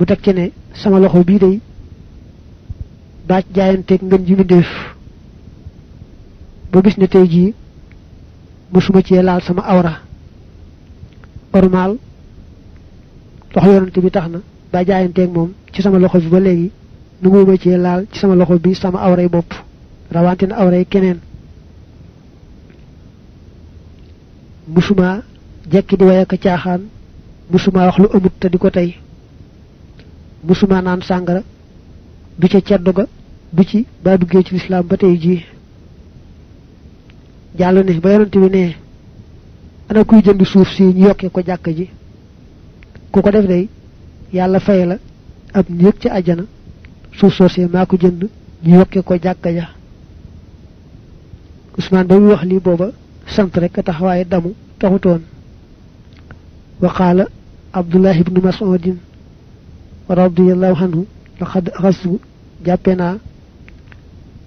bu teg ne sama loxo bi day baaj ak ngeen ji def ba gis ne tey jii ci laal sama awra normal, loxo yonante bi tax na ba ak moom ci sama loxo bi ba léegi nunguma cee laal ci sama loxo bi sama awray bopp rawante na awray keneen musuma jekki di waye ko caaxaan musuma wax lu amut te di ko musuma naan sàngara du ca ceddu ga ci baa duggee ci lislaam ba tey jii jàll ne ba yonent bi ne ana kuy jënd suuf si ñu yokkee ko jàkk ji ku ko def day yàlla fay la ab néeg ca àjjana suuf soosee maa ko jënd ñu yokkee ko jàkk ja Ousmane ba muy wax lii booba sant rek a tax damu taxutoon wa qaala Abdullah ibnu Mas'udin radiyallahu anhu laqad ghasu jappena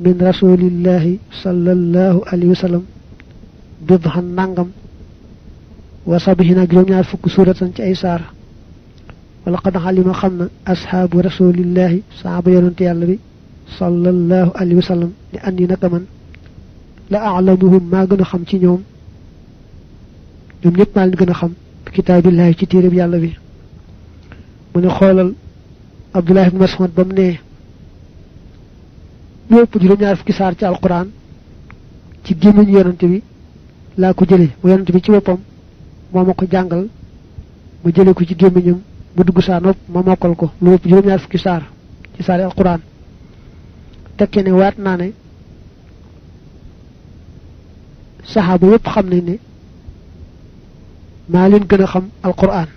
min rasulillahi sallallahu alayhi wasallam bidhan nangam wa sabihina juroom ñaar fukk suratan ci ay sar wala qad halima xamna ashabu rasulillahi sahaba yonent yalla bi sallallahu alayhi wasallam li andi naka man la a'lamuhum ma gëna xam ci ñoom ñoom ñepp ma gëna xam kitabillahi ci téré yalla bi mu ne xolal Abdullah ibn Mas'ud ba mu ne lu ëpp juróom-ñaar fukki saar ci alquran ci gémmiñ yonante bi laa ko jële mu yonante bi ci boppam moo ma ko jàngal mu jële ko ci gémmiñam mu dugg saa nopp ma mokkal ko lu ëpp juróom-ñaar fukki saar ci saari alquran tekkee ne waat naa ne saxaaba yépp xam nañ ne maa leen gën a xam alquran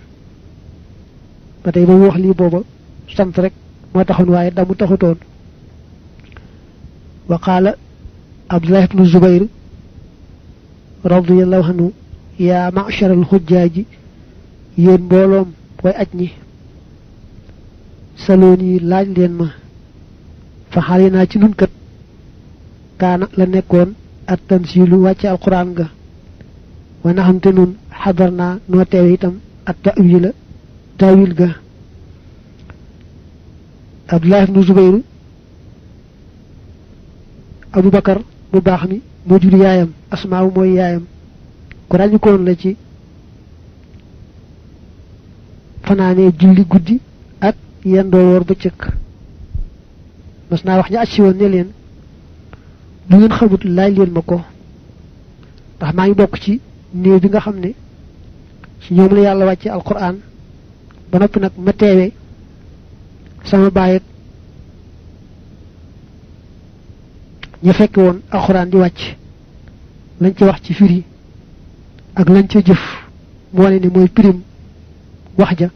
ba tey ba mu wax lii booba sant rek moo taxoon waaye damu taxutoon wa qaala abdullah ibnu zubayr radiallahu anhu yaa machar al xujjaaji yéen mbooloom way aj ñi saloon yi laaj leen ma fa xale naa ci nun kat kaana la nekkoon at tansilu wàcce alquran ga wa naxamte nun xadar noo teewe itam at tawila tawil ga Abdullah ibnu Zubayru Abu Bakar bu baax mi moo jur yaayam asmaaw mooy yaayam ku ràññikoon la ci fanaanee julli guddi ak yendoo woor bëccëg mas naa wax ñu aj si woon ne leen lu ngeen xamut laaj leen ma ko ndax maa ngi bokk ci néew bi nga xam ni ci ñoom la yàlla wàcce alquran ba noppi nag ma teewee sama bayit ñu fekk woon alquran di wàcc lañ ci wax ci firi ak lañ ci jëf moo ne ni mooy pirim wax ja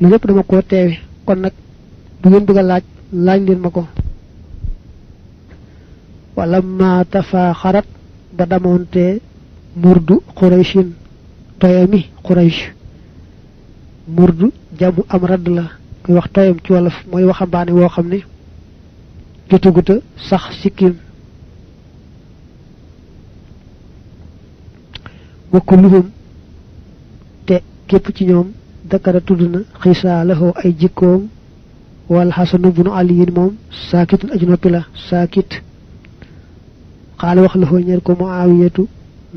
lu lépp dama ko teewe kon nag bu ngeen bëgg laaj laaj leen ma ko walamma tafaaxarat ba damoonte murdu quraishin doyami quraish murdu jamu am kuy wax tayam ci wolof mooy waxambaane woo xam ne jotaguta sax sikkim wakku luhum te képp ci ñoom dakara tudd na xisaalahoo ay jikkoom wal xasanu bunu aliyin moom saakitun aju noppi la saakit xaala wax lahoo ñeer ko muawiyatu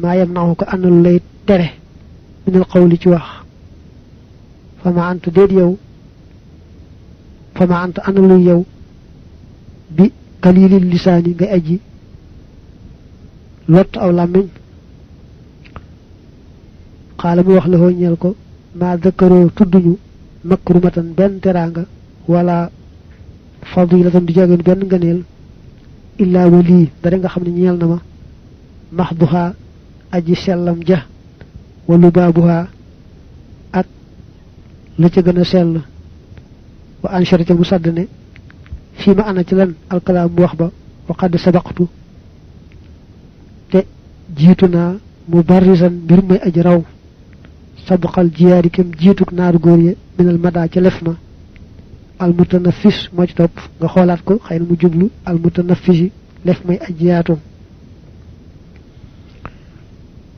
maa yam naxu ko ana lu lay tere minal xawli ci wax fa ma ant déet yow fama anta ana lu yow bi qalilil lisani ga aji lot aw lamign qala mu wax la ñel ko ma dakaro tudduñu makrumatan ben teranga wala fadilatan du jagen ben ganel illa wali dara nga xamni ñel na ma mahduha aji selam ja walu babuha ak la ci gëna sell wa anshar ca mu sadd ne fii ma ana ci lan alkalaam mu wax ba wa qad sabaqtu te jiitu naa mu barrisan mbir may aji raw sabqal jiyaari kem jiituk naaru góor ya minal madaa ca lef ma almutanafis moo ci topp nga xoolaat ko xëy na mu jublu almutanafis yi lef may aji yaatum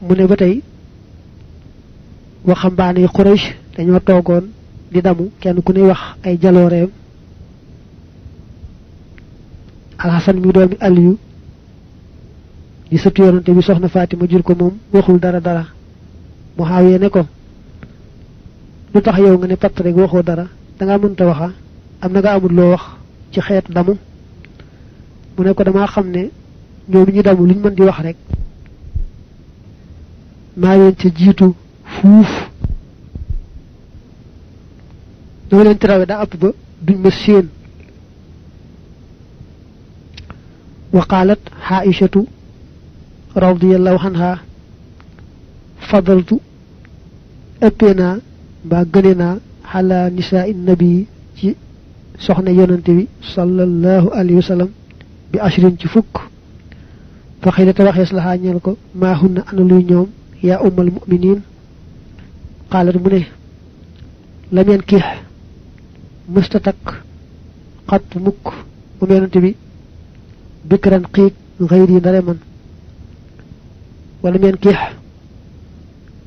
mu ne ba tey waxambaane yi Quraysh dañoo toogoon di damu kenn ku ne wax ay jalooreem alxasan mi doomi aliyu di sëtu yonante bi soxna Fatima jur ko moom waxul dara dara mu xaawee ne ko lu tax yow nga ne patt waxoo dara dangaa mënta waxa am na nga amul loo wax ci xeetu damu mu ne ko dama xam ne ñoom ñi damu luñ mën di wax rek maa leen ca jiitu fuuf dama leen terawe daa ëpp ba duñ ma séen wa qaalat xaaishatu radiallahu anha fadaltu ëppee naa mbaa gëne naa nisaa nabi ci soxna yonante bi sallallahu alayhi bi ashrin ci fukk fa xëy na te waxees laxaa ko maa hunna ana luy ñoom yaa umal muminin qaalat mu ne lam yankix mësta takk xat mukk mu yonante bi bikran xiig xëyr yi ndare man wala meen kiix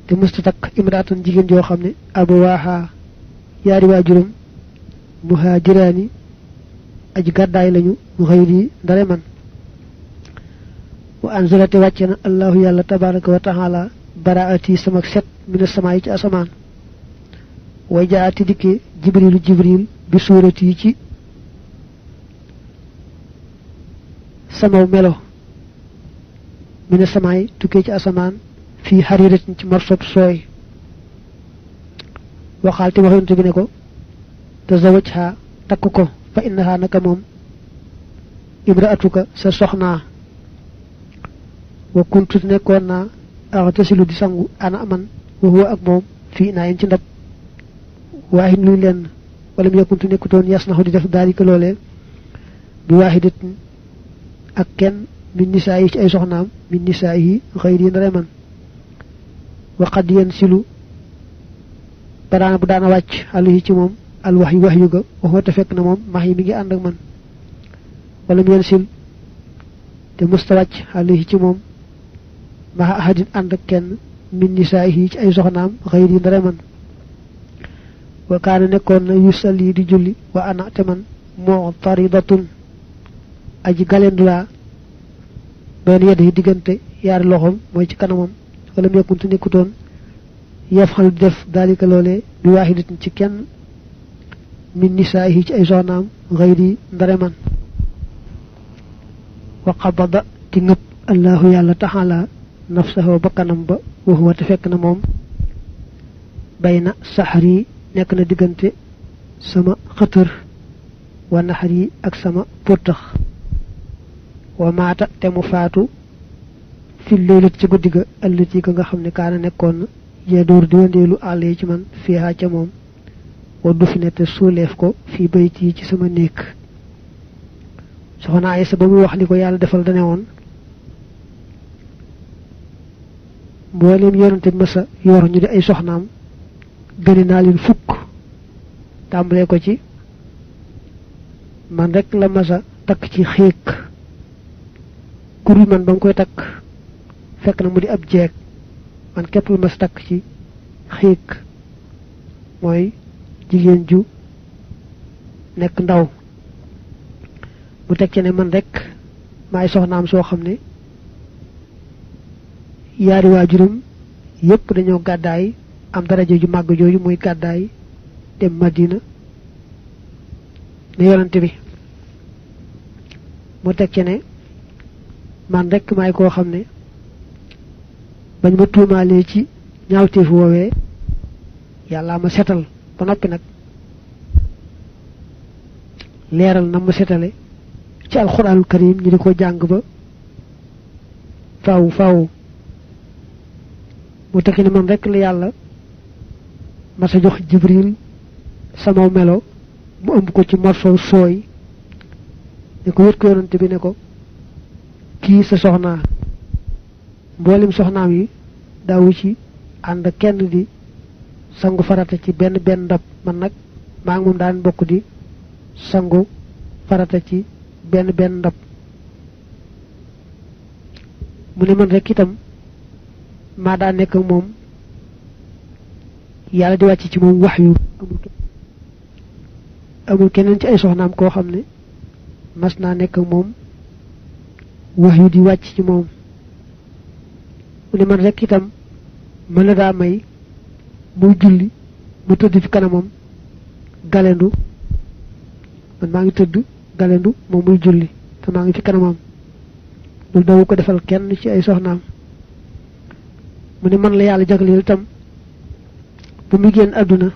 te mësta imraatan jigéen joo xam ne abawaaha yaari waajuram muhaajiraani aji gàddaay lañu xëyr yi ndare man wa anzalate wàcce na allahu yàlla tabaraka wa taala baraati sama set mina sama yi ci asamaan way jaati dikke jibrilu jibril bi suurat yi ci samaw melo mu ne samaay tukkee ci asamaan fii xariratin ci morsob sooy waxaal te wax yonte bi ne ko te zawaj xaa moom imraatuka sa soxnaa wa kuntu nekkoon naa axtasilu di sangu ana aman wa ak moom fii naa yin ci ndab Wahin nuy leen wala mu yokkuntu nekkutoon yasnaxu di def daalika loolee bi waaxidat ak kenn min nisaa ci ay soxnaam min nisaa wa qad silu ba daana bu daana wàcc alayhi ci moom al wax yu wax yu ga waxoo fek na moom max yi mi ngi ak man wala mu yen sil te musta wàcc ci moom max ahadin ak min ci ay wa kaana nekkoon na yu sal di julli wa ana te man moo taridatun aji galendu laa doon yedd yi diggante yaari loxoom mooy ci kanamam wala mu yokkunte nekkutoon yaf xalu di def daalika loolee bi waaxidatin ci kenn min nisaa yi ci ay soxnaam xëyri ndare man wa qabada ti ngëpp allahu yàlla taxala nafsahu bakkanam ba waxuwa te fekk na moom bayna saxari nek na digënté sama xëtër wa nahri ak sama pottax wa maata te mu faatu fi leele ci guddiga ga ëllëg nga xam ne kaana nekkoon na door di wëndelu alé ci man fi ha ci mom wa du fi nete te suuleef ko fi bayit ci sama néeg soxna ay sa bamu wax liko yàlla defal dane woon mbooleem yoonte ma sa yor ñu di ay soxnam gëni naa leen fukk tàmbalee ko ci man rekk la masa takk ci xiik kur yi man ba nga koy takk fekk na mu di ab jeeg man képp la masa takk ci xiik mooy jigéen ju nekk ndaw mu teg ci ne man rek maay soxnaam soo xam ne yaari waa waajuram yépp dañoo gàddaay am daraja ju màgg jooju muy gàddaay dem Madina ne yonante bi mu teg ci ne man rekk maay koo xam ne bañ ma tuumaalee ci ñaawteef woowee yàllaa ma setal ba noppi nag leeral na ma setale ci alxuraanul karim ñi di ko jàng ba faaw faaw mu tekki ne man rekk la yàlla mas a jox jibril sama melo mu ëmb ko ci morso sooy ne ko wét ko yonante bi ne ko kii sa soxnaa mboolem soxnaam yi daawu ci ànd kenn di sangu farata ci benn benn ndab man nag maa ngi moom daan bokk di sangu farata ci benn benn ndab mu ne man rek itam maa daa nekk moom yàlla di wàcc ci moom wax yu amul keneen ci ay soxnaam koo xam ne mas naa nekk moom wax yu di wàcc ci moom mu ne man rek itam mën la daa may muy julli mu tëdd fi kanamam galendu man maa ngi galendu moom muy julli te maa ngi fi kanamam loolu dawu ko defal kenn ci ay soxnaam mu ne man la yàlla itam ba muy génn àdduna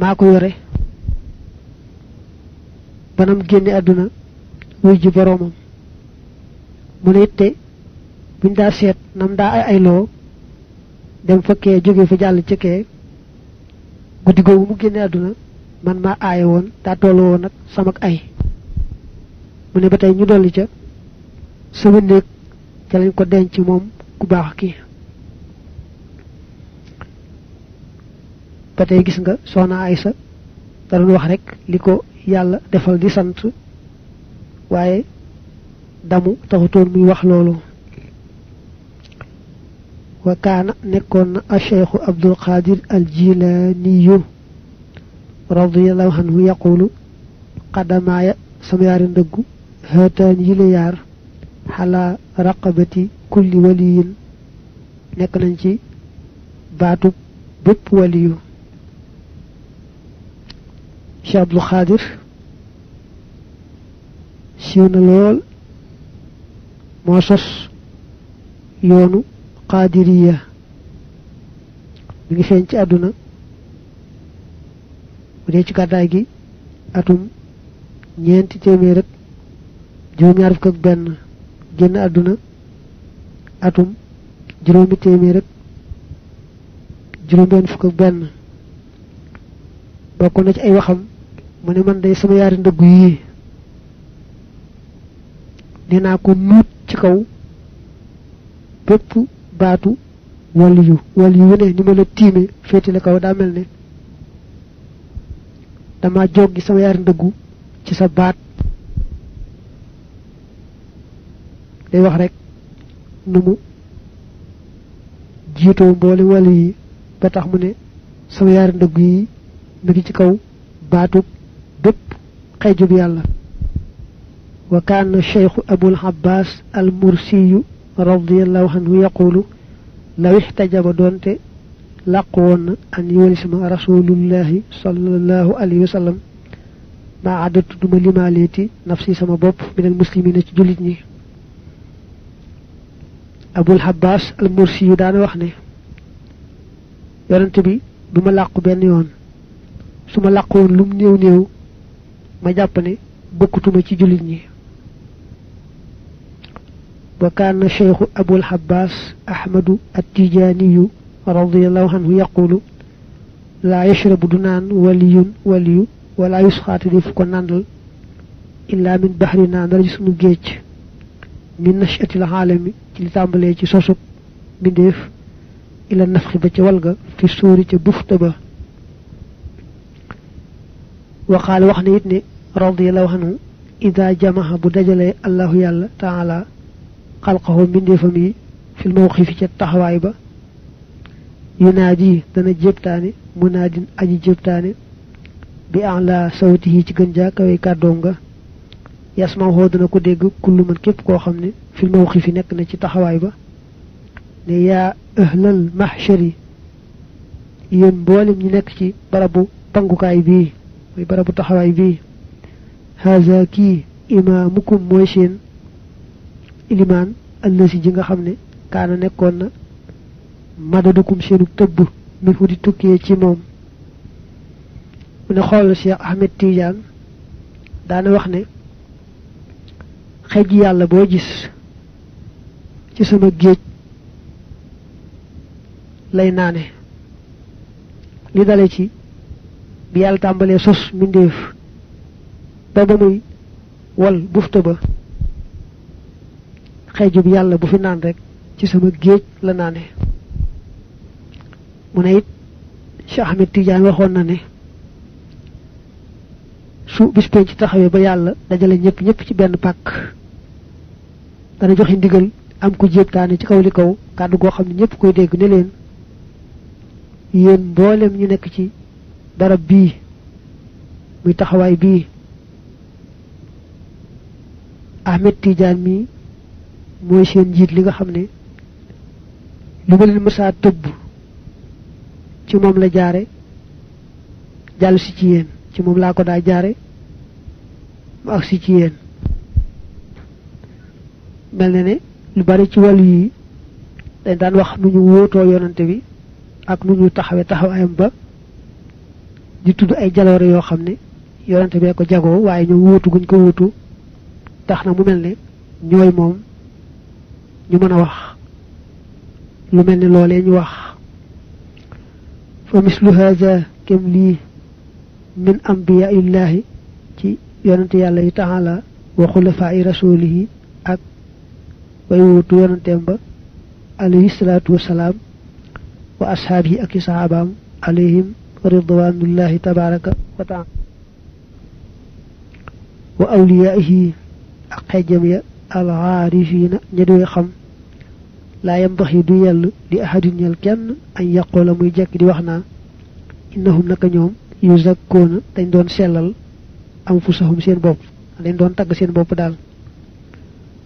maa ko yore banam génne àdduna wuy ji boroomam mu ne itte buñ daa seet nam daa ay ayloo dem fa kee jóge fa jàll ca kee guddi googu mu génne àdduna man ma aaye woon daa toll woon nag samak ay mu ne ba tey ñu dolli ca sama néeg ca lañ ko denc moom ku baax kii batay gis nga soxna aïssa da doon wax rek li ko yàlla defal di sant waaye damu taxutoon muy wax loolu wa kaana nekkoon na acheikhu abdulqadir aljilaaniyu radiallahu anhu yaqulu qadamaaya sama yaari ndëggu hëtaan yi la yaar xalaa raqabati kulli waliyin nekk nañ ci baatu bépp waliyu Cheikh Abdul Xaadir siiw na lool moo sos yoonu qaadiriya mi ngi feeñ ci àdduna bu dee ci gàddaay gi atum ñeenti téeméer rek juróom-ñaar fukk ak benn génn atum juróomi téeméer na ci ay waxam mu ne man day sama yaari ndëgg yii dinaa ko nuut ci kaw bépp baatu wàllu yu wàllu ne ni ma la tiime féeti kaw daa mel ne dama joggi sama yaari ndëggu ci sa baat day wax rek nu mu jiitoo mboole wàllu yi ba tax mu ne sama yaari ndëgg yi mu ngi ci kaw baatu خيجب يلا وكان الشيخ أبو العباس المرسي رضي الله عنه يقول لو احتجب دونت لقون أن يولسم رسول الله صلى الله عليه وسلم ما عدت دم نفسي سما بوب من المسلمين جلدني أبو العباس المرسي دان وخني يرنت بي بما لقو بن يون سما لقون لم نيو نيو ma jàpp ne bokkutuma ci julit ñi wa kana abu al abul ahmad at tijani radiyallahu anhu yaqulu la yashrabu dunan naan waliyun waliyu wala yusxaate def ko nàndal illa min baxri naa dara ci sunu géej min nashati al alam ci li tambale ci sosub bindef ila nafxi ba ci walga fi suri ci buftaba ba وقال وخنا يتني رضي الله عنه اذا جمعها بدجل الله يالله تعالى خلقه من فمي في الموقف في التحواي با ينادي دنا جبتاني منادين اجي جبتاني باعلى صوته تي گنجا كوي كادونغا يسمع هو دنا كو دگ كل من كيب كو خامني في الموقف نك نتي تحواي با يا اهل المحشر ين بولم ني نك سي بربو بانكو كاي بي muy barabu taxawaay bii haza kii imaamukum mooy seen ilimaan allasi ji nga xam ne kaana nekkoon na madadukum seenu tëbb mi fu di tukkee ci moom mu ne xoolal Cheikh Ahmed Tidiane daana wax ne xej yàlla boo gis ci sama géej lay naane li dale ci bi yàlla tàmbalee sos mbindéef ba ba muy wal bufta ba xeejub yàlla bu fi naan rek ci sama géej la naane mu ne it Cheikh Ahmed Tidiane waxoon na ne su bis ci taxawee ba yàlla dajalee ñëpp ñëpp ci benn pàkk dana joxe ndigal am ku jéebtaane ci kaw li kaw kàddu koo xam ne ñëpp koy dégg ne leen yéen mboolem ñu nekk ci darab bii muy taxawaay bii Ahmed Tidiane mi mooy seen njiit li nga xam ne lu ma leen mësaa tëbb ci moom la jaare jàll si ci yéen ci moom laa ko daa jaare mu ak ci yéen mel na ne lu bari ci wàllu yi dañ daan wax lu ñu wóotoo yonante bi ak nu ñu taxawe taxawaayam ba di tudd ay jaloore yoo xam ne yonante bee ko jagoo waaye ñu wuutu guñ ko wuutu tax na mu mel ne ñooy moom ñu mën a wax lu mel ni loolee ñu wax fa mislu haza kem lii min ambiya illaahi ci yonante yàlla yi taala wa xulafaa i rasuulihi ak way wuutu yonanteem ba alayhi salaatu wa asxaab yi ak i saxaabaam ورضوان الله تبارك وتعالى وأوليائه أقجم العارفين ندوي خم لا ينبغي ديال لأحد يال كان أن يقول ميجاك دي وحنا إنهم نك نيوم يزكون تين دون سلال أنفسهم سين بوب تين دون تاغ سين بوب دال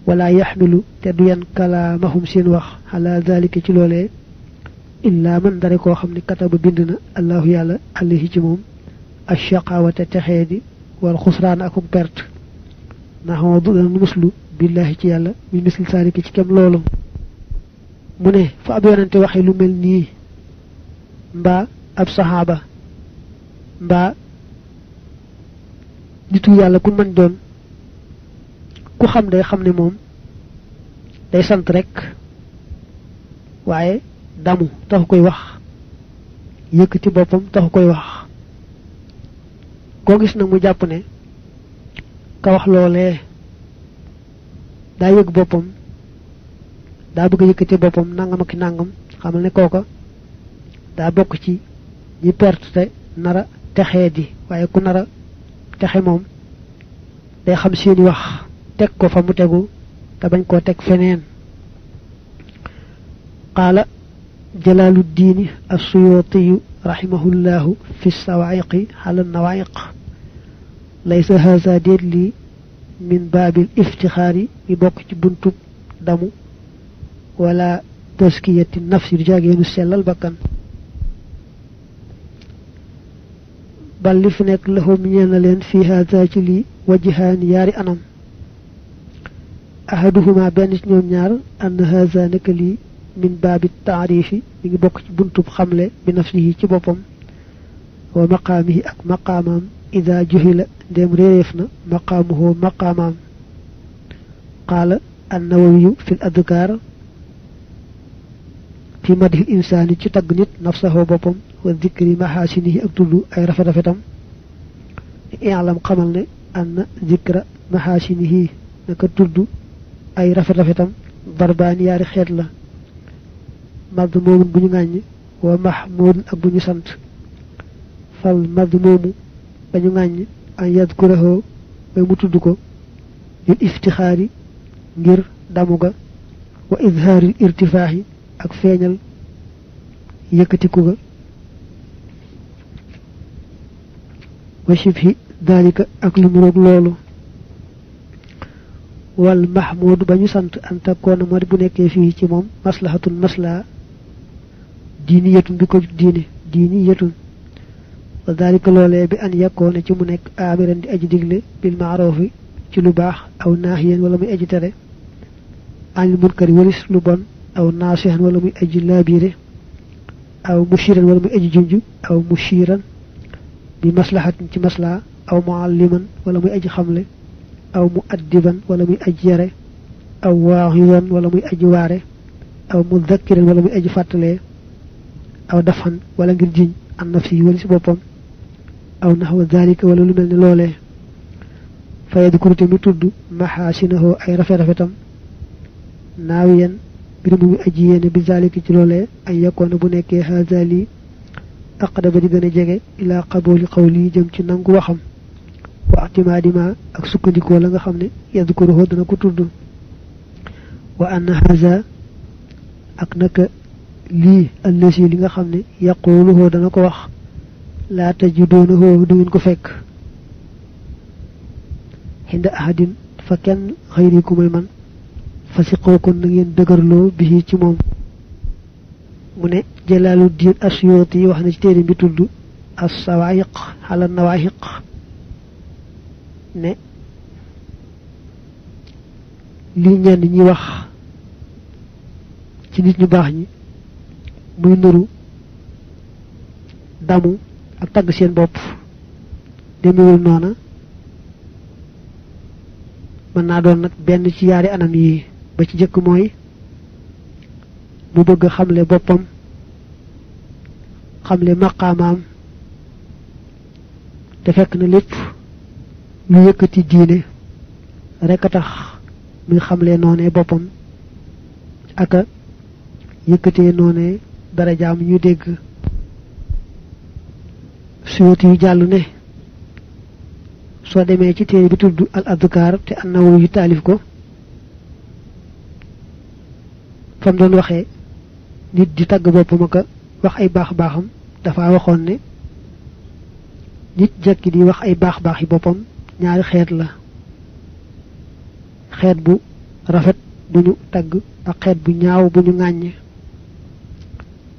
ولا يحمل تدين كلامهم سين وخ على ذلك تي إلا من دركو خمني كتب بندنا الله يالا عليه جموم الشقاوة تحيد والخسران أكم برت نحو ضد المسلو بالله يالا من مثل تاريك كم لولو مني فأبي أن توحي لملني با أب صحابة با نتو يالا كن من دون كو خم دي خم موم دي سنترك وعي damu taxu koy wax yëkkati boppam taxu koy wax koo gis nag mu jàpp ne ka wax loolee daa yëg boppam daa bëgg a yëkkati boppam nangam ki nangam xamal ne kooka daa bokk ci ñi perte te nar a di waaye ku nara a texe moom day xam seeni wax teg ko fa mu tegu te bañ koo teg feneen qaala جلال الدين السيوطي رحمه الله في السواعيق على النواعيق ليس هذا ديلي من باب الافتخار يبقى بنت دم ولا تزكية النفس رجاجين السل البكن بل لفنك له من لين في هذا جلي وجهان ياري أنا أحدهما بين نيوم أن هذا نكلي من باب التعريف ميغي بوك سي بونتو خامله بنفسه سي بوبام ومقامه اك مقامام اذا جهل ديم ريفنا مقامه مقامام قال النووي في الاذكار في مدح الانسان سي تاغ نيت نفسه بوبام وذكر محاسنه اك تولو اي رفت رفتام يعلم قملني ان ذكر محاسنه نك تولو اي رفت رفتام ضربان ياري خيت madmumun bu ñu ŋàññi wa mahmudun ak bu ñu sant fal madmumu ba ñu ŋàññi an yadkurahoo bay mu tudd ko lil iftixaari ngir damu ga wa izhaaril irtifaaxi ak feeñal yëkkatiku ga wa shibhi daalika ak lu mu roog loolu wal mahmudu ba ñu sant an takkoona moo di bu nekkee fii ci moom maslahatun maslaa diiniyatun bi ko diine diiniyatun wa dalika loolee bi an yakkoone ci mu nekk aamiran di aji digle bil maarufi ci lu baax aw naahiyan wala muy aji tere anil munkari walis lu bon aw naasihan wala muy aji laabiire aw mushiran wala muy aji junj aw mushiran bi maslahatin ci maslaa aw mualliman wala muy aji xamle aw muaddiban wala muy aji yare aw waaxiwan wala muy aji waare aw mudakkiran wala muy aji fàttalee aw dafan wala ngir jiñ am na fii wëli si boppam aw naxwa dalika wala lu mel ni loolee fa yadkuru te mu tudd maxaasinahu ay rafet rafetam naawiyan mbir mu aji yéene bi zalika ci loolee ay yakkoona bu nekkee haza lii aqdaba di gën a jege ilaa qabooli qawli jëm ci nangu waxam wa atimaadima ak sukkandikoo la nga xam ne yadkuruhu dana ko tudd wa anna haza ak naka lii annas yi li nga xam ne yaquluhu dana ko wax laa tajiduunahu du ngeen ko fekk xinda ahadin fa kenn xëyri ku may man fa si xookoon na dëgërloo bi ci moom mu ne jalaalu diin asyoot wax na ci téere bi tudd assawaayiq ala nawaahiq ne lii ñenn ñi wax ci nit ñu baax ñi muy nuru damu ak tagg seen bopp demewul noona mën naa doon nag benn ci yaari anam yi ba ci jëkk mooy mu bëgg xamle boppam xamle maqaamaam te fekk na lépp lu yëkkati diine rek a tax muy xamle noonee boppam aka yëkkatee noonee dara jam ñu dégg suyuti yu jàll ne soo demee ci téere bi tudd al adkar te annawu yu taalif ko fam doon waxee nit di tagg boppam ak wax ay baax baaxam dafa waxoon ne nit jekki di wax ay baax baax yi boppam ñaari xeet la xeet bu rafet bu ñu tagg ak xeet bu ñaaw bu ñu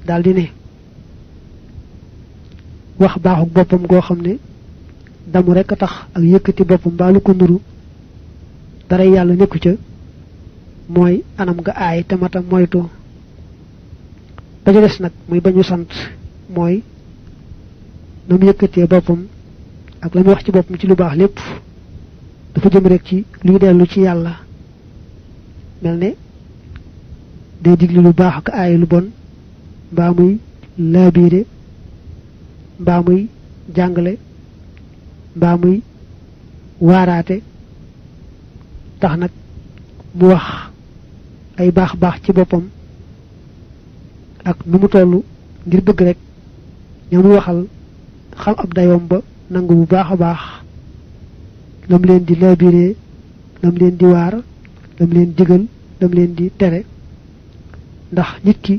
daldi ne wax baaxuk boppam goo xam ne damu rekk a tax ak yëkkati boppam mbaa lu ko nuru dara yàlla nekku ca mooy anam nga aay te mata moytu ba ca nag muy bañu sant mooy na mu yëkkatee boppam ak la muy wax ci boppam ci lu baax lépp dafa jëm rek ci luy dellu ci yàlla mel ne day digli lu baax ak ay lu bon mbaa muy laabiire mbaa muy jàngale mbaa muy waaraate tax nag mu wax ay baax baax ci boppam ak nu mu toll ngir bëgg rek ñoo waxal xam ab dayoom ba nangu bu baax a baax lam leen di laabiire lam leen di waar lam leen digal lam leen di tere ndax nit ki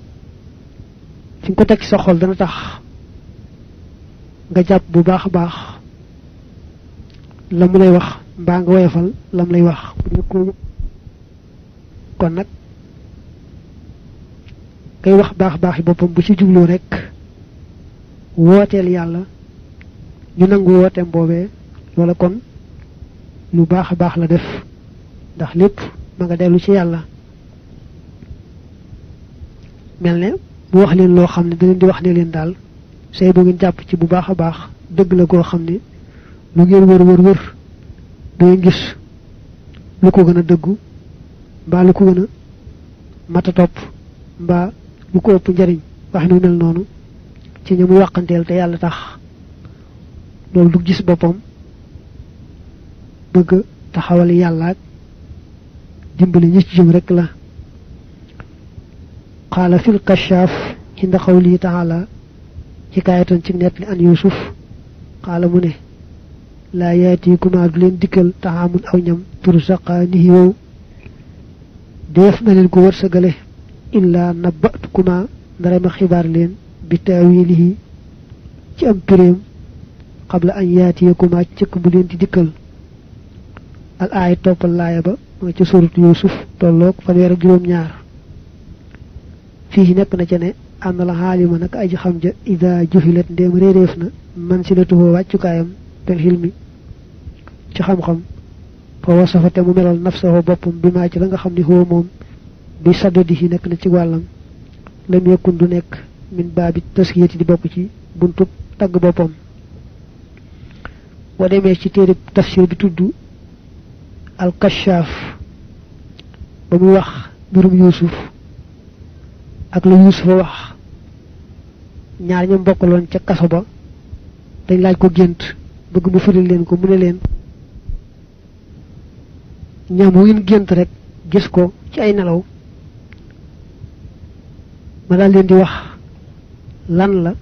fi ko tek sa xol dana tax nga japp bu baax baax lam lay wax ba nga woyofal lam lay wax kon nak kay wax baax baaxi bopam bu ci jublu rek wotel yalla ñu nangu wote mbobé wala kon lu baax baax la def ndax lepp ma nga delu ci yalla melne mu wax leen loo xam ne da leen di wax ne leen daal say bu ngeen jàpp ci bu baax a baax dëgg la goo xam ne lu ngeen wër wër wër dangeen gis lu ko gën a dëggu mbaa lu ko gën a mata topp mbaa lu ko ëpp njariñ wax nu mel noonu ci ñamu wàqanteel te yàlla tax loolu du gis boppam bëgg taxawal yàlla dimbali ñi ci jëm rek la قال في القشاف عند قوله تعالى حكاية تنجنت عن يوسف قال منه لا ياتيكما دلين ديكل طعام او نيم ترزقانه و ديف نالين كو الا نباتكما دراما خبار لين بتاويله تي قبل ان ياتيكما تشك بولين دي ديكل الايه توب الله يبا يوسف تولوك فالير جيوم fii nekk na ca ne ànd la xaalima nag aji xam ja ida juxilat ndéem réeréef na man si la tuxoo wàccukaayam bil xilmi ci xam-xam fa te mu melal nafsahu boppam bi maa ci la nga xam ni xoo moom bi saddadi yi nekk na ci wàllam lam yakun du nekk min baabi taskiyati di bokk ci buntub tagg boppam boo demee ci téere tafsir bi tudd al kashaaf ba muy wax mbirum yuusuf ak lu yusufa wax ñaar ñu mbokkaloon ca kaso ba dañ laaj ko gént bëgg mu firil leen ko mu ne leen ñam wu gént rek gis ko ci ay nelaw ma daal leen di wax lan la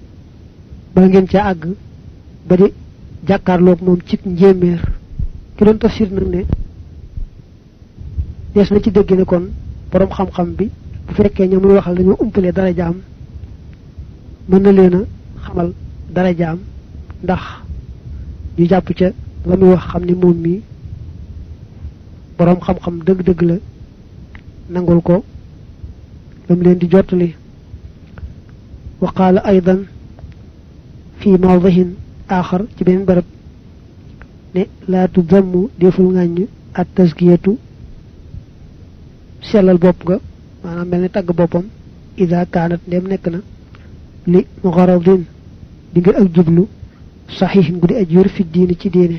ba ngeen ca àgg ba di jàkkaarloog moom ci njéeméer ki doon tafsir nag ne des na ci dégg kon borom xam-xam bi bu fekkee ñoom lu waxal dañu umpale dara jaam man na leena xamal dara jaam ndax ñu japp ci la muy wax xamni mom mi borom xam-xam deug deug la nangul ko lam leen di jotali wa qala aydan fi mawdihin akhar ci beneen barab ne tu tudammu deful ngagne at tazkiyatu selal bop ga maanaam mel ni tagg boppam ida kaanat ndem nekk na li mugaradin di ngir ak jublu saxiixin gu di aj wér fi diine ci diine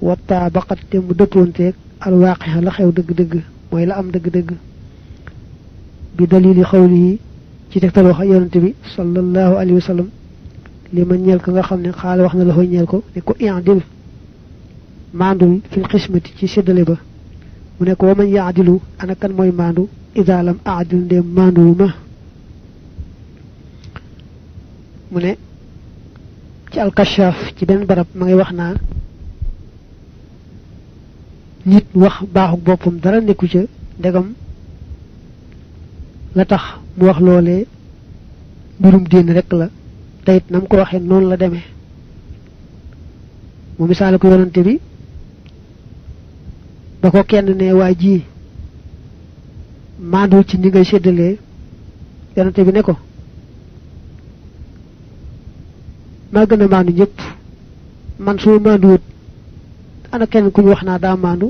wattaa baqat te mu dëppoonteeg alwaaqixa la xew dëgg-dëgg mooy la am dëgg-dëgg bi dalili xawli yi ci tegtal wax yonante bi sallallahu alayhi wa li ma ñeel ko nga xam ne xaala wax na la koy ñeel ko ne ko indil maandul fil xismati ci séddale ba mu ne ko waman yaadilu ana kan mooy maandu ida lam aadil ndéem maanduwuma mu ne ci alkashaaf ci benn barab ma ngi wax naa nit wax baaxu boppam dara nekku ca ndegam la tax mu wax loolee mbirum diin rekk la teyit na mu ko waxee noonu la deme mu misaale ko yonante bi ba ko kenn ne waa ji maandu ci ni ngay séddalee yonent bi ne ko maa gën a maandu ñëpp man su ma maanduwut ana kenn ku ñu wax naa daa maandu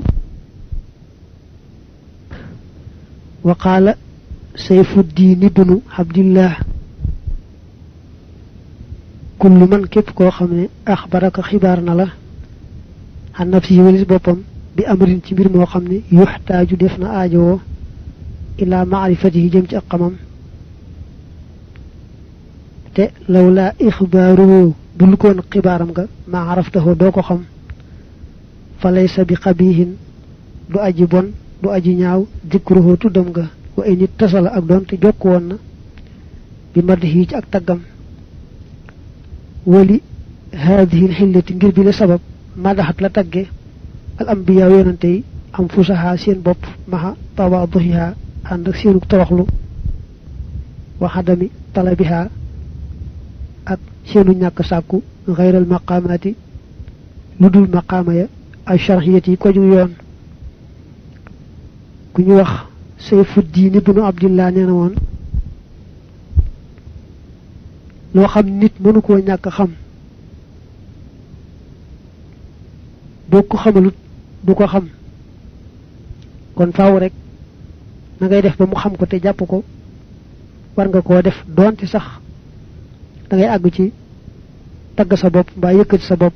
wa qaala sayfu diini bunu abdillah kullu man képp koo xam ne axbaraka xibaar na la xan naf si boppam bi amrin ci mbir moo xam ne yuxtaaju def na aajoo إلى معرفته جمت أقمم لولا إخباره بلكون قبارم ما عرفته دوكو خم فليس بقبيه دو أجيبون دو أجي نياو ذكره تدوم وإن اتصل أقدون تجوكوون بمرده أكتقم ولي هذه الحلة تنجر بلا سبب ما حتلا تقى الأنبياء وينتي أنفسها سين بوب مها تواضحها ànd ak seenug toroxlu waxadami talabiha ak seenu ñàkk sàkku xayral maqaamaati lu dul maqaama ya ay charxiyat yi ko jug yoon ku ñu wax sayfu diin ibnu abdillah nee na woon loo xam nit mënu koo ñàkk xam boo ko xamalut du ko xam kon faaw rek na ngay def ba mu xam ko te japp ko war nga ko def doonte sax da ngay ag ci tag sa bopp mbaa yëkkati sa bop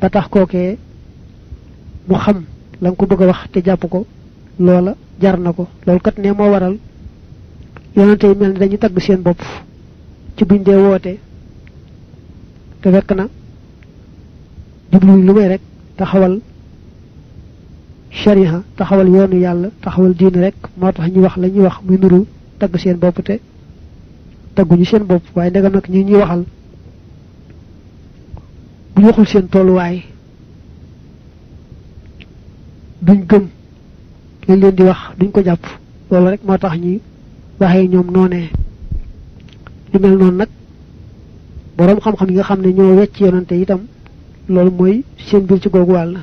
ba tax ke mu xam la ko bëgg wax te japp ko loola jar nako lool kat ne mo waral yonante yi mel dañu tag seen bop ci buñ de wote te fekk na dublu lu may rek taxawal shariha taxawal yoonu yàlla taxawal diine rek moo tax ñu wax la ñuy wax muy nuru tagg seen bopp te tagguñu seen bopp waaye ndegam nag ñi ñuy waxal bu ñu waxul seen tolluwaay duñ gëm liñ leen di wax duñ ko jàpp loolu rek moo tax ñi waxee ñoom noonee lu mel noonu nag boroom xam-xam yi nga xam ne ñoo wecc yonante itam loolu mooy seen biir ci googu wàll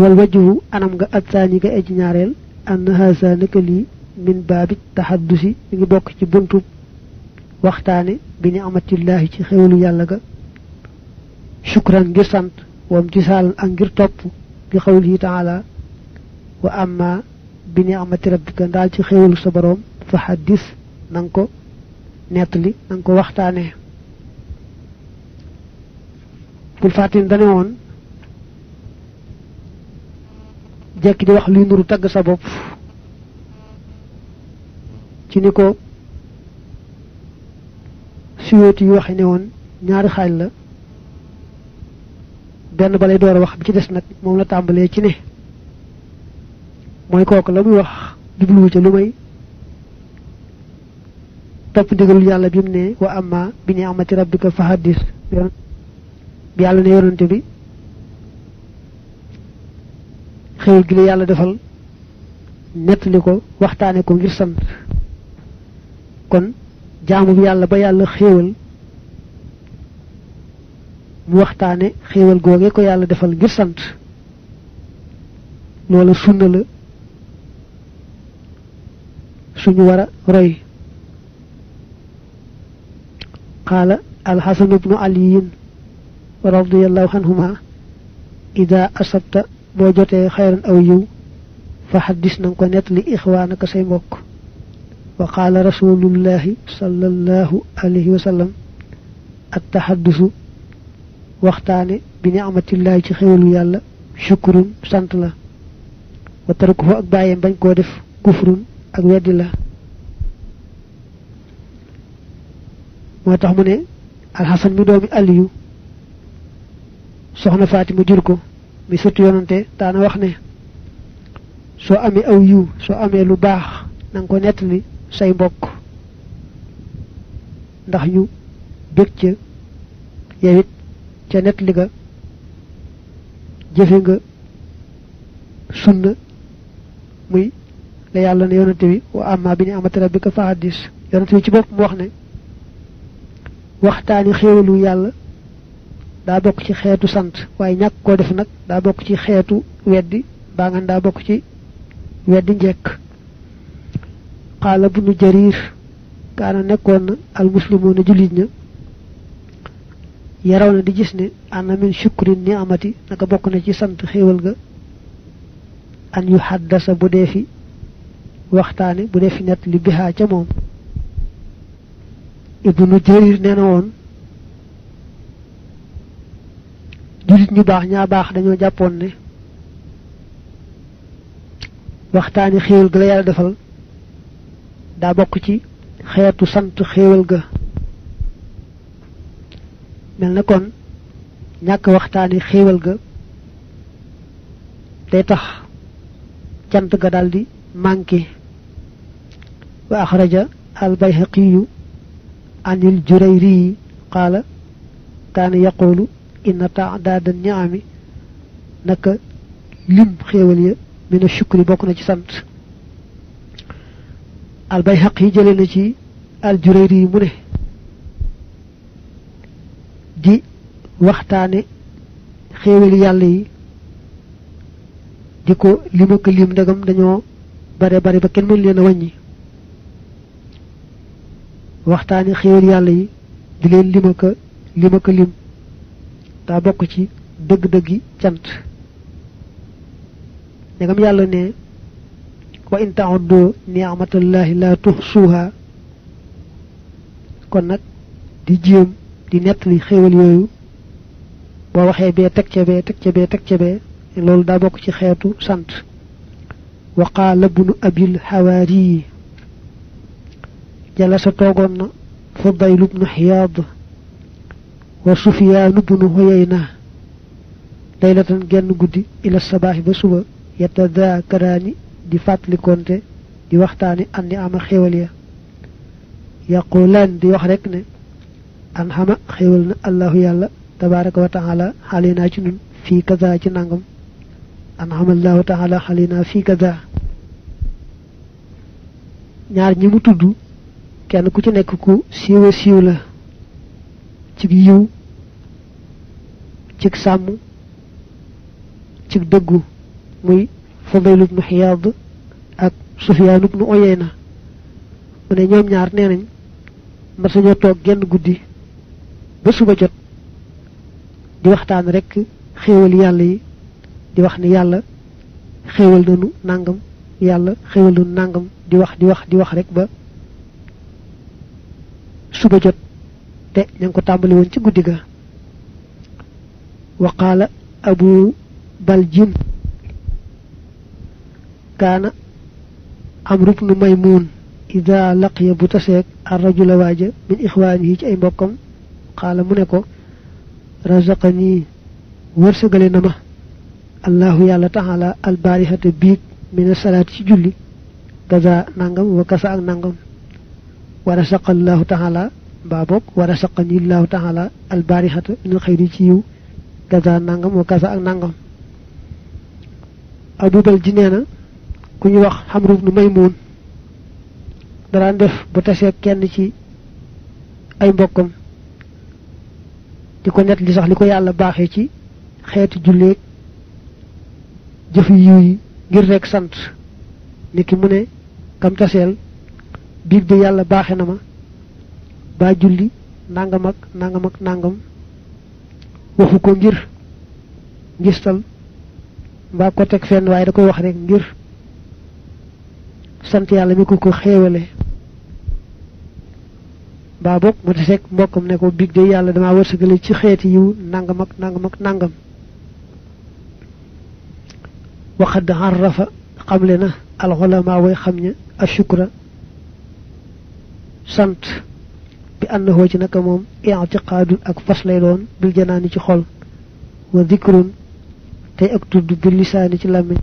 والوجه انام غا اتاني غا اج نيارل ان هذا نكلي من باب التحدث ني بوك سي بونتو وقتاني بني امات الله سي خيول يالا غا شكرا غير سانت وامتثال ان غير توب بي خولي تعالى واما بني امات ربك دال سي خيول صبروم فحدث نانكو نيتلي نانكو وقتاني بالفاتين دانيون jekki di wax luy nuru tag sa bop ci ni ko siyooti yi waxe ne woon ñaari xal la ben balay door wax bi ci dess nak mom la tambale ci ne moy kooku la muy wax diblu ci lu may bi ne wa amma bi ni amati rabbika fa bi yalla ne bi xewul gi la yàlla defal nettali ko waxtaane ko ngir sant kon jaamu bi yàlla ba yàlla xéewal mu waxtaane xéewal googe ko yàlla defal ngir sant loola sunna la suñu war a roy qaala alxasan bnu aliyin radiallahu anhuma ida asabta bo joté khairan aw yu fa hadis nang ko net nettali ixwaanaka say mbok wa qala rasulullah sallallahu alayhi wa sallam at tahaddusu waxtaane bi ni'matillahi ci xewlu yàlla shukrun sant la wa tarkuhu ak bàyyeem bañ ko def kufrun ak weddi la moo tax mu ne alxasan mi doomi aliyu soxna fatima mu jur ko mi sëtu yonante daana wax ne soo amee aw yiw soo amee lu baax na ko ko nettali say mbokk ndax ñu bëgg ca yow it ca nettali nga jëfe nga sunna muy la yàlla na yonante bi wa amma bi ni amatara bi ko fa haddis yonante bi ci bopp mu wax ne waxtaani xéewalu yàlla daa bokk ci xeetu sant waaye ñàkk koo def nag daa bokk ci xeetu weddi baa nga daa bokk ci weddi njekk xaala bu nu jariir kaana nekkoon na almuslimuuna jullit ña yaraw na di gis ne ana min shukrin ni amati naka bokk na ci sant xéewal ga an yu xaddasa bu dee fi waxtaane bu dee fi nett li bihaa ca moom ibnu jariir nee na woon julit ñu baax ñaa baax dañoo jàppoon ne waxtaani xéewal ga la yàlla defal daa bokk ci xeetu sant xéewal ga mel na kon ñàkk waxtaani xéewal ga day tax cant ga daldi manqué wa akhraja al bayhaqiyu anil jurayri qala kana yaqulu inna taadaada niami naka lim xéewal ya mina shukri bokk na ci sant albayhaq yi jële na ci al aljurayri yi mu ne di waxtaane xéewali yàlla yi di ko lim ak lim ndegam dañoo bare bare ba kenn mën leen a wàññi waxtaane xéewali yàlla yi di leen lim ak lim ak lim daa bokk ci dëgg-dëggi cant ndegam yàlla ne wa in ta'uddu ni'matallahi la tuhsuha kon nag di jéem di nettali xéewal yooyu boo waxee bee teg ca teg ca bee loolu daa bokk ci xeetu sant wa qaala bnu abil xawaari jala toogoon na fudaylu bnu xiyaad وسفيان بن هيينة ليلة جن قدي إلى الصباح بسوا يتذاكران دي فاتلي كونت دي وقتاني أني أما خيولي يقولان دي وحركن أنهما خيولنا الله يالله تبارك وتعالى حالينا جنون في كذا جنانكم أنهما الله تعالى حالينا في كذا ñaar ñi mu tuddu kenn ku ci cig yiw cig sàmm cig dëggu muy Fudayl ibnu Xiyaad ak Sufyaan ibnu na mu ne ñoom ñaar nee nañ mas nañoo toog genn guddi ba suba jot di waxtaan rekk xéewal yàlla yi di wax ni yàlla xéewal nanu nàngam yàlla xéewal nanu nàngam di wax di wax di wax rekk ba suba jot te ña ko tàmbali woon ci guddi ga waqaala abu baljin kaana amru bnu maymuun ida laqiya bu taseeg ar rajula min ixwaani yi ci ay mbokkam xaala mu ne ko razaqani wërsëgale na ma allahu yàlla taxala albaarihata biig mina salaati ci julli gaza nangam wa kasa ak nangam wa rasaqa allahu taxala mbaa boog war a saqani laahu taala albarihata min xëyri ci yiw kaza nangam wa kaza ak nangam abubal ji nee na ku ñu wax xamru nu maymuun daraan def bu tasee kenn ci ay mbokkam di ko net li sax li ko yàlla baaxee ci xeetu julleeg jëf yiw yi ngir rek sant nit ki mu ne kam taseel biig de yàlla baaxe na ma ba julli nangam ak nangam ak nangam waxu ko ngir ngistal mbaa ko teg fenn waaye da koy wax rek ngir sant yàlla mi ko ko xéewale mbaa boog mu di seeg mbokkam ne ko big de yàlla damaa wërsëgale ci xeeti yiw nangam ak nangam ak nangam waxad arrafa xamle na alxulamaa way xam ña ashukra sant annahu ci naka moom i'tiqaadun ak fas lay doon bil janaani ci xol wa dhikrun tey ak tudd bil lisaani ci làmmiñ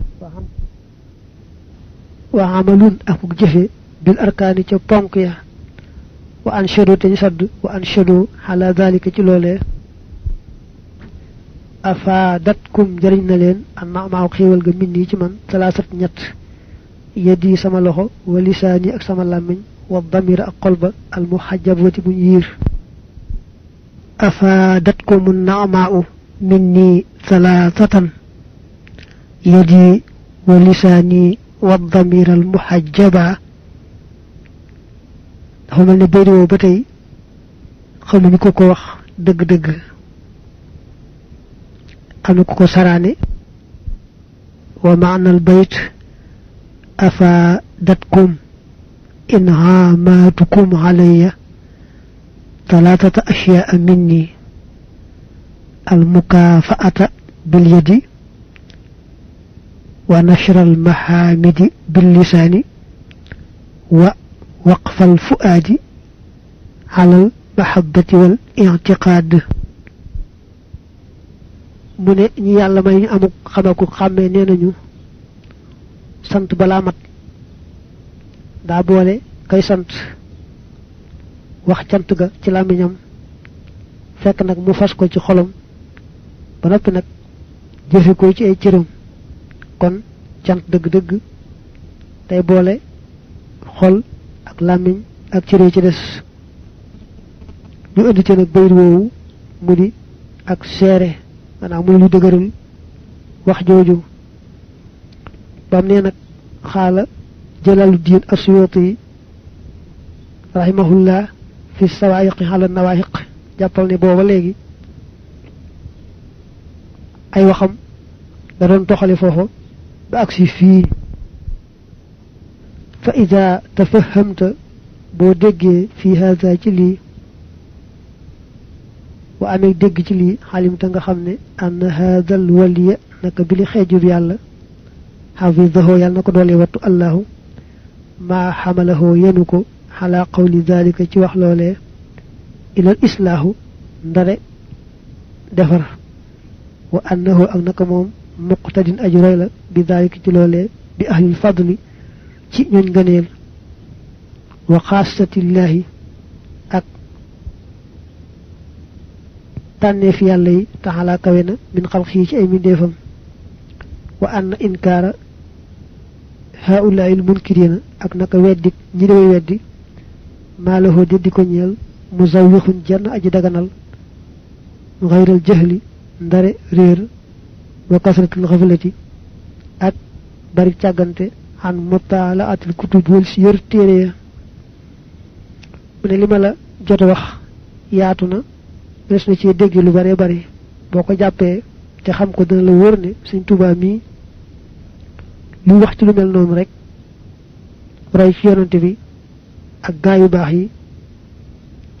wa amalun akuk jëfe bil arkaani ca ponk ya wa anshadu te ñu sadd wa anshadu ala dhalika ci loolee afaadatkum jëriñ na leen an na maaw xéewal ga min yi ci man salaasat ñett yeddi sama loxo wa lisaani ak sama làmmiñ والضمير القلب المحجب وتبنير أفادتكم النعماء مني ثلاثة يدي ولساني والضمير المحجب هم اللي بيروا بتي خم نكوكو دق دق أنكوكو سراني ومعنى البيت أفادتكم إنعاماتكم علي ثلاثة أشياء مني المكافأة باليد ونشر المحامد باللسان ووقف الفؤاد على المحبة والاعتقاد mu ne ñi yàlla may ñu amuk xamaku xàmmee nee sant balaa mat daa boole kay sant wax cant ga ci làmmiñam fekk nag mu fas ko ci xolam ba noppi nag jëfe ko ci ay cëram kon cant dëgg-dëgg tey boole xol ak làmmiñ ak cër ci des ñu indi ci nag bayit woowu mu di ak seere maanaam muy lu dëgëral wax jooju bam nee nag xaala جلال الدين السيوطي رحمه الله في السوائق على النواهق جابلني بوبا لغي اي وخم دا دون توخالي فوفو با في فاذا تفهمت بو في هذا جلي وامي دغ جلي حاليم تاغا خامني ان هذا الولي نك بلي خيجو يالا حفظه يالا نك دولي وات الله ما حمله ينكو على قول ذلك تي واخ لوله الى الاصلاح ندره دفر وانه انكم موم مقتد اجر لا بذلك تي لوله باهل الفضل تي نون غنيل وخاصه الله اك تاني الله تعالى كوينا من خلقه اي من ميديفم وان انكار haa'ulaa'i l-munkiriina ak naka weddi ñi day weddi maa lahu di ko ñeel muzawwixun jenn aji daganal xayral jahli ndare réer wa kasratul xaflati ak bari càggante an mutaalaatil kutub wal si yër téere ya mu ne li la jot wax yaatu na des na ci dégg lu bare bare boo ko jàppee te xam ko dana la wóor ne Sëñ Tuubaa mii lu wax ci lu mel noonu rek roy ci yonante bi ak gaa yu baax yi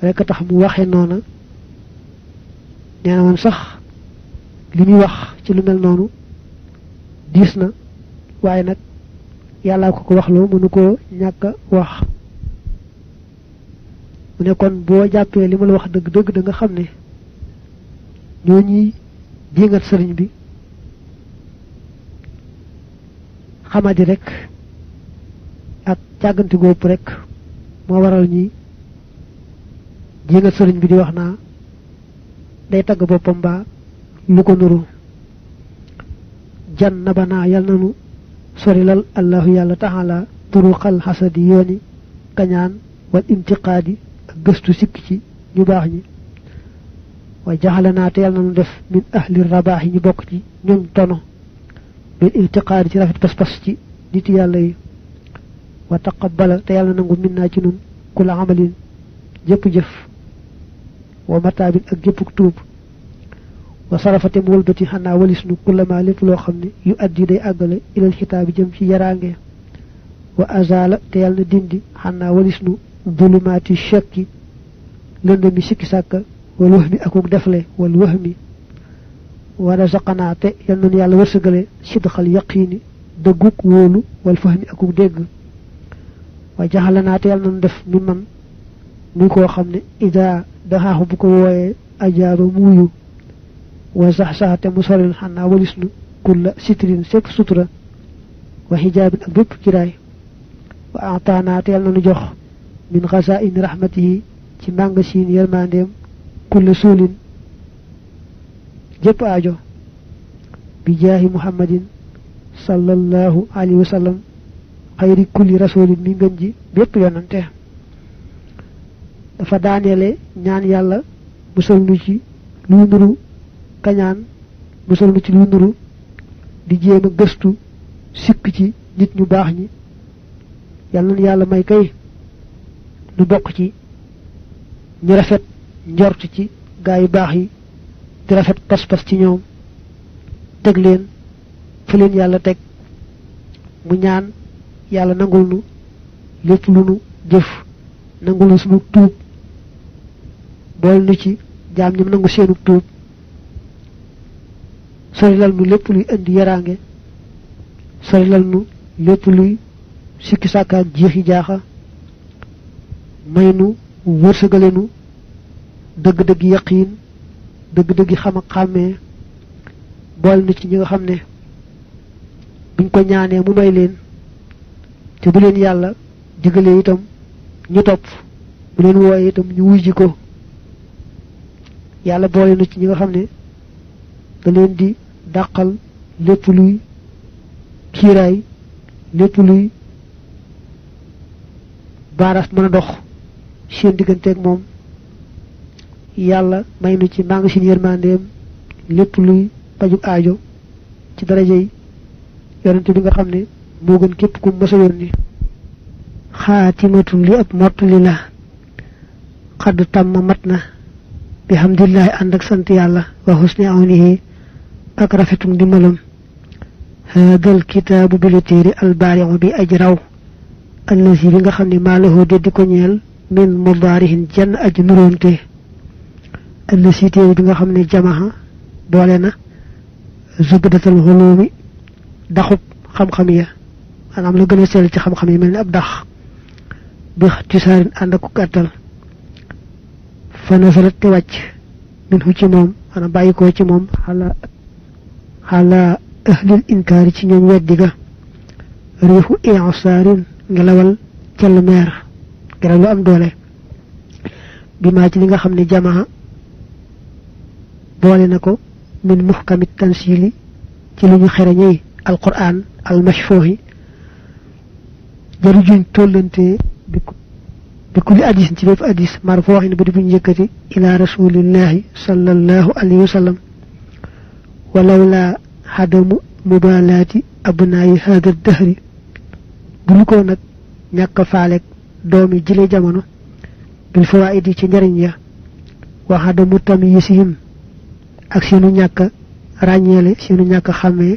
rek a tax mu waxee noona nee na sax li muy wax ci lu mel noonu diis na waaye nag yàlla ko ko wax loo mënu koo ñàkk a wax mu ne kon boo jàppee li ma la wax dëgg dëgg da xam ne ñoo ñuy jéngat sëriñ bi xamadi rekk ak càgganti góob rekk moo waral ñi jéngat sëriñ bi di wax naa day tagg boppam ba lu ko nuru jan na ba naa yal nanu sori lal allahu yàlla taxala turuqal xasadi yooni kañaan wal intiqaadi ak gëstu sikk ci ñu baax ñi waaye jaxale naa te yàlla nanu def min ahli rabaax yi bokk ci ñun tono bil itiqaadi ci rafet pas-pas ci nit yàlla yi wa taqabbala te yàlla nangu min naa ci nun ku la jëpp jëf wa bi ak jëppuk tuub wa sarafate mu wëlbati xanaa walis nu kullama lépp loo xam ne yu addi day àggale ilal xitaabi jëm ci yaraange wa azala te yàlla na dindi xanaa walis nu bulumaati shakki lëndami sikki sàkka wal wax mi defle wal wax ورزقنا تي يمن يالا ورسغل سي دخل يقين دغوك وولو والفهم اكو دغ وجهلنا تي يالا ندف ني مام ني كو خامني اذا دهاه بوكو وي اجارو مويو وزحزحه مسر الحنا ولسن كل سترين سيك سترة وحجاب الأبوب كراي وأعطانا تيال نجوخ من غزائن رحمته تمانغسين يرمانهم كل سول jep aajo bi jahi muhammadin sallallahu Alaihi Wasallam, sallam kulli rasulin mi ngën ji bépp yonante ya. dafa daaneele ñaan yalla bu sonu ci luy nuru kañaan bu sonu ci luy nuru di jema gestu sik ci nit ñu bax ñi yalla ñu yalla may kay du bok ci ñu rafet ñort ci gaay bax yi di rafet pas-pas ci ñoom teg leen fa yàlla teg mu ñaan yàlla nangul nu lépp lu nu jëf nangul nu sunu tuub bool nu ci jaam ñi nangu seenu tuub sorilal nu lépp luy indi yaraange sorilal nu lépp luy sikki sàkkaak jeexi jaaxa may nu wërsëgale nu dëgg-dëgg yaqiin dëgg-dëgg xam ak xàmmee bool na ci ñi nga xam ne buñ ko ñaanee mu may leen te bu leen yàlla digalee itam ñu topp bu leen wooyee itam ñu wujji ko yàlla boole na ci ñi nga xam ne da leen di dàqal lépp luy kiiraay lépp luy baaraas mën a dox seen digganteeg moom yalla maynu ci maa ci si lepp luy pajuk aajo ci daraje yi yonente bi nga xamne mo gën kep ku mësa yónni khatimatun li ab mottali qad xadd matna bi hamdillah ànd ak sant yalla wa husni aunihi ak rafetum dimbalam hadal kitaabu bi la téere albaariu bi ajraw raw bi nga xamne malahu ñeel min mudaarihin jan aj ënd si téere bi nga xam ne jamaha doole na zubdatal xulumi daxub xam-xam ya maanaam la gën a ci xam-xam yi mel ni ab dax bi tisaarin ànd ak gàttal fa nasalat te wàcc min ci moom maanaam bàyyi ko ci moom xala xala ahlil inkaari ci ñoom weddi ga riixu insaarin ngelawal cell meer ngelaw lu am doole bi maa ci li nga xam ne jamaha بولي نكو من محكم التنسيل تي لي خريني القران المشفوه جاري جون تولنتي بكل اديس تي بف اديس مرفوع بدي بن الى رسول الله صلى الله عليه وسلم ولولا عدم مبالاتي ابناء هذا الدهر بنكو نك نياك فالك دومي جيلي جامونو بالفوائد تي نارنيا وعدم تمييزهم ak seenu ñàkk ràññeele seenu ñàkk xàmmee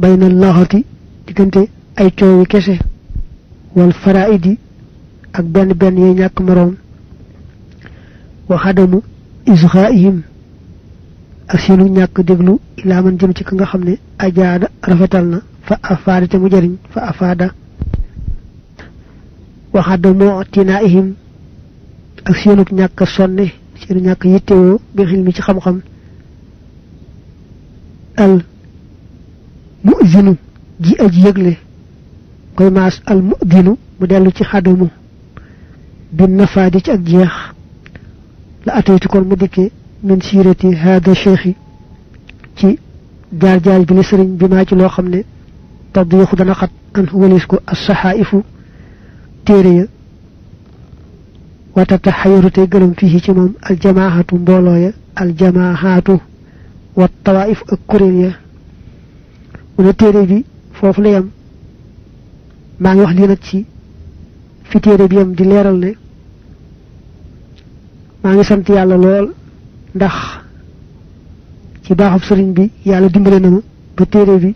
bay na laxati diggante ay coowi kese wal faraidi ak benn benn yee ñàkk moroom waxadamu isxaayim ak seenu ñàkk déglu ilaa man jëm ci ka nga xam ne ajaada rafetal na fa afaada te mu fa afaada waxadamu tinaihim ak seenuk ñàkk sonne seenu ñàkk yittewoo bi xil mi ci xam-xam al mu zinu ji aji yëgle koy maas al mu zinu mu dellu ci xadamu bi nafaadi ci ak jeex la ataytu kon mu dikke min siirati hada cheikhi ci jaar jaar bi la sëriñ bi maa ci loo xam ne taddiixu dana xat an walis ko as saxaa'ifu téere ya wa tatahayaru te gëlum fi ci al jamaahatu mbolo ya jamaahatu wa tawaif ak kuréel ya mu ne bi fofu la yam ma ngi wax li nak ci fi téere bi yam di leeral ne ma ngi sant yalla lool ndax ci baaxub serigne bi yalla dimbalé na ba téere bi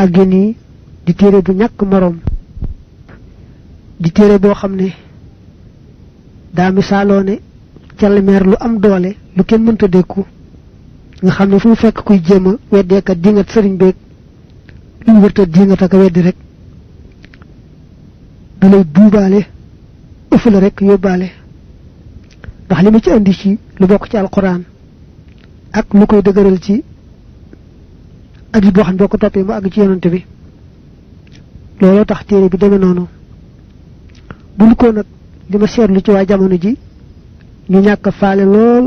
àgg di téere bu ñak morom di téere bo daa misaaloo ne calmeer lu am doole lu kenn mënta dékku nga xam ne fu fekk kuy jéem a weddeekat dingat sëriñ beeg lu wërta dingat ak a weddi rek da lay buubaale ëff la yóbbaale ndax li ma ci indi ci lu bokk ci alquran ak lu koy dëgëral ci addis boo xam ne boo ko toppee mu àgg ci yonante bi looloo tax téere bi demee noonu bul ko nag li ma seetlu ci waa jamono ji ñu ñàkk faale lool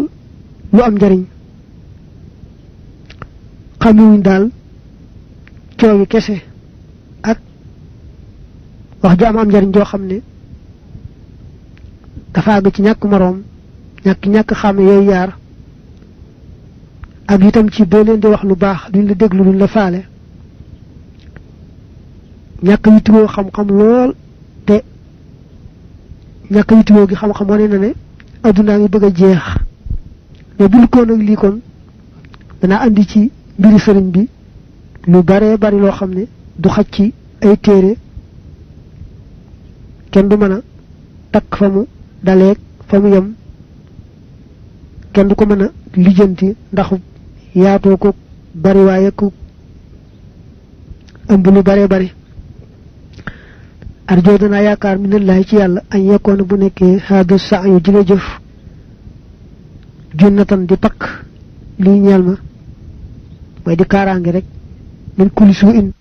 lu am njariñ xamuñ daal coow kese ak wax ju am am njariñ joo xam ne dafa àgg ci ñàkk moroom ñàkk ñàkk xam yooyu yaar ak itam ci boo leen di wax lu baax ñu la déglu duñ la faale ñàkk yittewoo xam-xam lool ñàkk a yittewoo gi xam-xam wane na ne addunaa ngi bëgg a jeex mais bul koon ak lii kon danaa andi ci mbiri sëriñ bi lu baree bari loo xam ne du xaj ci ay téere kenn du mën a takk fa mu daleeg fa mu yem kenn du ko mën a lijjanti ndax yaatoo ko bari waaye ku ëmb lu baree bari arjoo danaa yaakaar minallahi ci yàlla añ yekkoon bu nekkee haada sa yu jige jëf junnatan di pakk lii ñeel ma mooy di kaaraange rek min kulli suu in